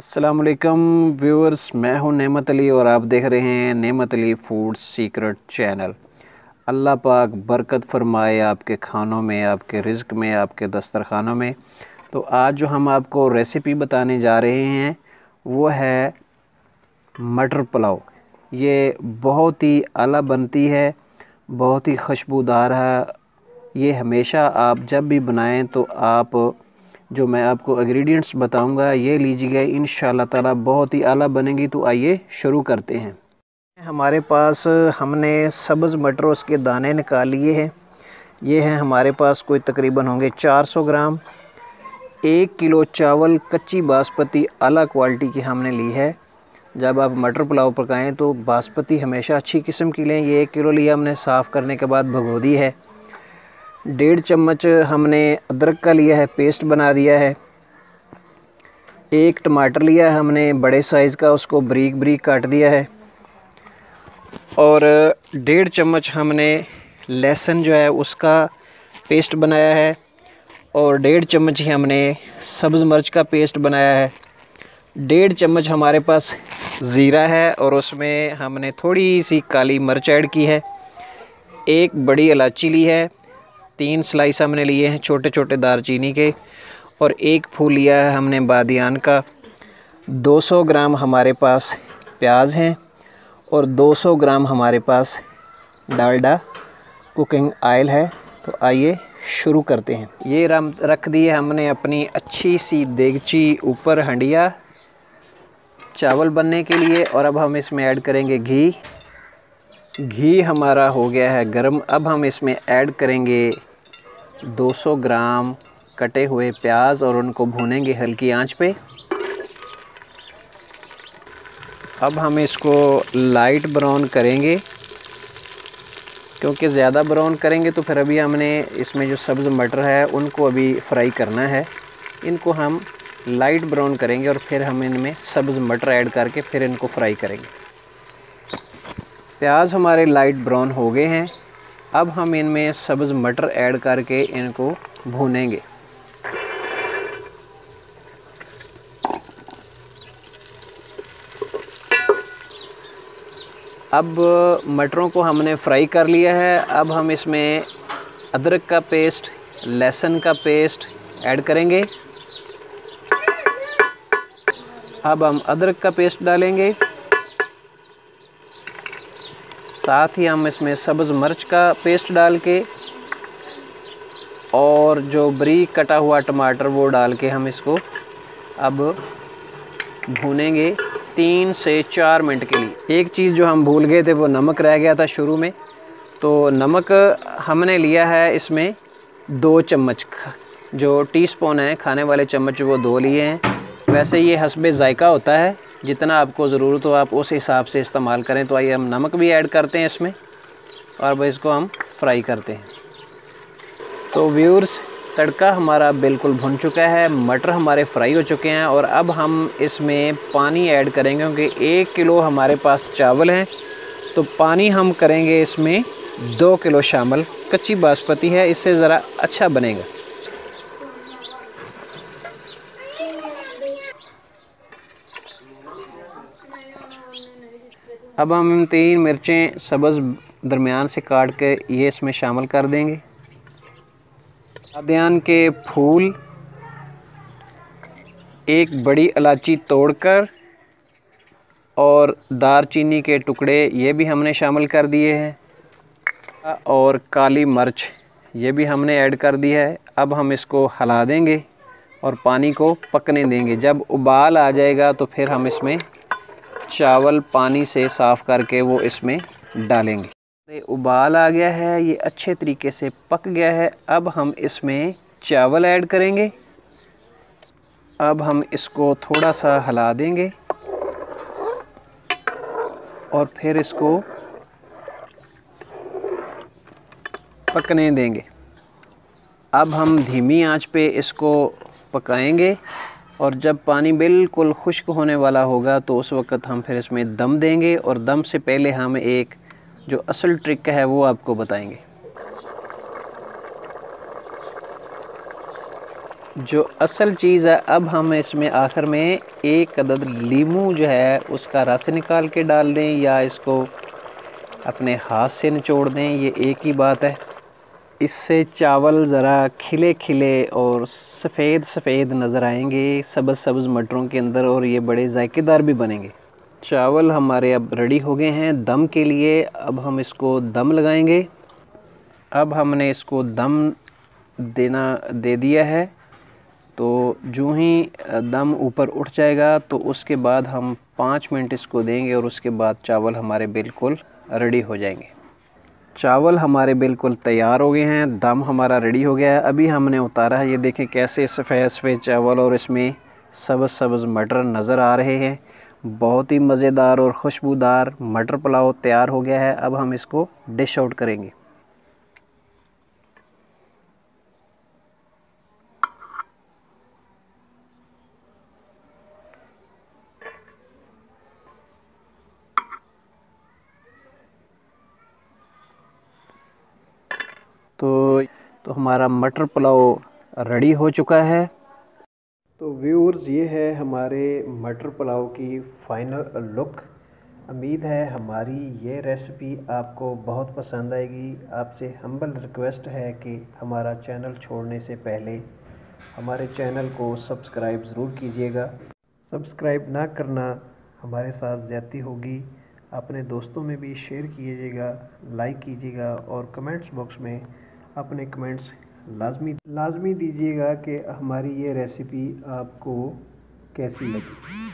السلام علیکم ویورز میں ہوں نعمت علی اور آپ دیکھ رہے ہیں Naimat Ali food secret channel اللہ پاک برکت فرمائے آپ کے کھانوں میں آپ کے رزق میں آپ کے دسترخانوں میں تو آج جو ہم آپ کو ریسیپی بتانے جا رہے ہیں وہ ہے مٹر پلاؤ یہ بہت ہی اعلیٰ بنتی ہے بہت ہی خوشبودار ہے یہ ہمیشہ آپ جب بھی بنائیں تو آپ جو میں آپ کو انگریڈینٹس بتاؤں گا یہ لیجیے ان شاء اللہ تعالیٰ بہت ہی اعلیٰ بنیں گی تو آئیے شروع کرتے ہیں ہمارے پاس ہم نے سبز مٹر اس کے دانے نکال لیے ہیں یہ ہیں ہمارے پاس کوئی تقریباً ہوں گے چار سو گرام ایک کلو چاول کچی باسپتی اعلیٰ کوالٹی کی ہم نے لی ہے جب آپ مٹر پلاؤ پکائیں تو باسپتی ہمیشہ اچھی قسم کی لیں یہ ایک کلو لیا ہم نے صاف کرنے کے بعد بھگو دی ہے ڈیڑھ چمچ ہم نے ادرک کا لیا ہے پیسٹ بنا دیا ہے ایک ٹماٹر لیا ہے ہم نے بڑے سائز کا اس کو بریک بریک کاٹ دیا ہے اور ڈیڑھ چمچ ہم نے لہسن جو ہے اس کا پیسٹ بنایا ہے اور ڈیڑھ چمچ ہی ہم نے سبز مرچ کا پیسٹ بنایا ہے ڈیڑھ چمچ ہمارے پاس زیرہ ہے اور اس میں ہم نے تھوڑی سی کالی مرچ ایڈ کی ہے ایک بڑی الائچی لی ہے تین سلائس ہم نے لیے ہیں چھوٹے چھوٹے دار چینی کے اور ایک پھول لیا ہے ہم نے بادیان کا دو سو گرام ہمارے پاس پیاز ہیں اور دو سو گرام ہمارے پاس ڈالڈا کوکنگ آئل ہے تو آئیے شروع کرتے ہیں یہ رکھ دیئے ہم نے اپنی اچھی سی دیگچی اوپر ہنڈیا چاول بننے کے لیے اور اب ہم اس میں ایڈ کریں گے گھی گھی ہمارا ہو گیا ہے گرم اب ہم اس میں ایڈ کریں گے دو سو گرام کٹے ہوئے پیاز اور ان کو بھونیں گے ہلکی آنچ پہ اب ہم اس کو لائٹ براؤن کریں گے کیونکہ زیادہ براؤن کریں گے تو پھر ابھی ہم نے اس میں جو سبز مٹر ہے ان کو ابھی فرائی کرنا ہے ان کو ہم لائٹ براؤن کریں گے اور پھر ہم ان میں سبز مٹر ایڈ کر کے پھر ان کو فرائی کریں گے پیاز ہمارے لائٹ براؤن ہو گئے ہیں اب ہم ان میں سبز مٹر ایڈ کر کے ان کو بھونیں گے اب مٹروں کو ہم نے فرائی کر لیا ہے اب ہم اس میں ادرک کا پیسٹ لہسن کا پیسٹ ایڈ کریں گے اب ہم ادرک کا پیسٹ ڈالیں گے ساتھ ہی ہم اس میں سبز مرچ کا پیسٹ ڈال کے اور جو بری کٹا ہوا ٹماٹر وہ ڈال کے ہم اس کو اب بھونیں گے تین سے چار منٹ کے لیے ایک چیز جو ہم بھول گئے تھے وہ نمک رہ گیا تھا شروع میں تو نمک ہم نے لیا ہے اس میں دو چمچ جو ٹی سپون ہیں کھانے والے چمچ وہ دو لیے ہیں ویسے یہ حسب ذائقہ ہوتا ہے جتنا آپ کو ضرورت ہو آپ اس حساب سے استعمال کریں تو آئیے ہم نمک بھی ایڈ کرتے ہیں اس میں اور اس کو ہم فرائی کرتے ہیں تو ویورز تڑکا ہمارا بالکل بھن چکا ہے مٹر ہمارے فرائی ہو چکے ہیں اور اب ہم اس میں پانی ایڈ کریں گے کیونکہ ایک کلو ہمارے پاس چاول ہیں تو پانی ہم کریں گے اس میں دو کلو شامل کچی باسپتی ہے اس سے ذرا اچھا بنے گا اب ہم تین مرچیں سبز درمیان سے کاٹ کے یہ اس میں شامل کر دیں گے ادیان کے پھول ایک بڑی الائچی توڑ کر اور دار چینی کے ٹکڑے یہ بھی ہم نے شامل کر دیے ہیں اور کالی مرچ یہ بھی ہم نے ایڈ کر دی ہے اب ہم اس کو ہلا دیں گے اور پانی کو پکنے دیں گے جب ابال آ جائے گا تو پھر ہم اس میں چاول پانی سے صاف کر کے وہ اس میں ڈالیں گے ابال آ گیا ہے یہ اچھے طریقے سے پک گیا ہے اب ہم اس میں چاول ایڈ کریں گے اب ہم اس کو تھوڑا سا ہلا دیں گے اور پھر اس کو پکنے دیں گے اب ہم دھیمی آنچ پہ اس کو پکائیں گے اور جب پانی بالکل خشک ہونے والا ہوگا تو اس وقت ہم پھر اس میں دم دیں گے اور دم سے پہلے ہم ایک جو اصل ٹرک ہے وہ آپ کو بتائیں گے جو اصل چیز ہے اب ہم اس میں آخر میں ایک عدد لیمو جو ہے اس کا رس نکال کے ڈال دیں یا اس کو اپنے ہاتھ سے نچوڑ دیں یہ ایک ہی بات ہے اس سے چاول ذرا کھلے کھلے اور سفید سفید نظر آئیں گے سبز سبز مٹروں کے اندر اور یہ بڑے ذائقے دار بھی بنیں گے چاول ہمارے اب ریڈی ہو گئے ہیں دم کے لیے اب ہم اس کو دم لگائیں گے اب ہم نے اس کو دم دینا دے دیا ہے تو جو ہی دم اوپر اٹھ جائے گا تو اس کے بعد ہم پانچ منٹ اس کو دیں گے اور اس کے بعد چاول ہمارے بالکل ریڈی ہو جائیں گے چاول ہمارے بالکل تیار ہو گئے ہیں دم ہمارا ریڈی ہو گیا ہے ابھی ہم نے اتارا ہے یہ دیکھیں کیسے سفید سفید چاول اور اس میں سبز سبز مٹر نظر آ رہے ہیں بہت ہی مزیدار اور خوشبودار مٹر پلاؤ تیار ہو گیا ہے اب ہم اس کو ڈش آؤٹ کریں گے ہمارا مٹر پلاؤ ریڈی ہو چکا ہے تو ویورز یہ ہے ہمارے مٹر پلاؤ کی فائنل لک امید ہے ہماری یہ ریسپی آپ کو بہت پسند آئے گی آپ سے ہمبل ریکویسٹ ہے کہ ہمارا چینل چھوڑنے سے پہلے ہمارے چینل کو سبسکرائب ضرور کیجیے گا سبسکرائب نہ کرنا ہمارے ساتھ زیادتی ہوگی اپنے دوستوں میں بھی شیئر کیجیے گا لائک کیجیے گا اور کمنٹس باکس میں اپنے کمنٹس لازمی لازمی دیجیے گا کہ ہماری یہ ریسیپی آپ کو کیسی لگی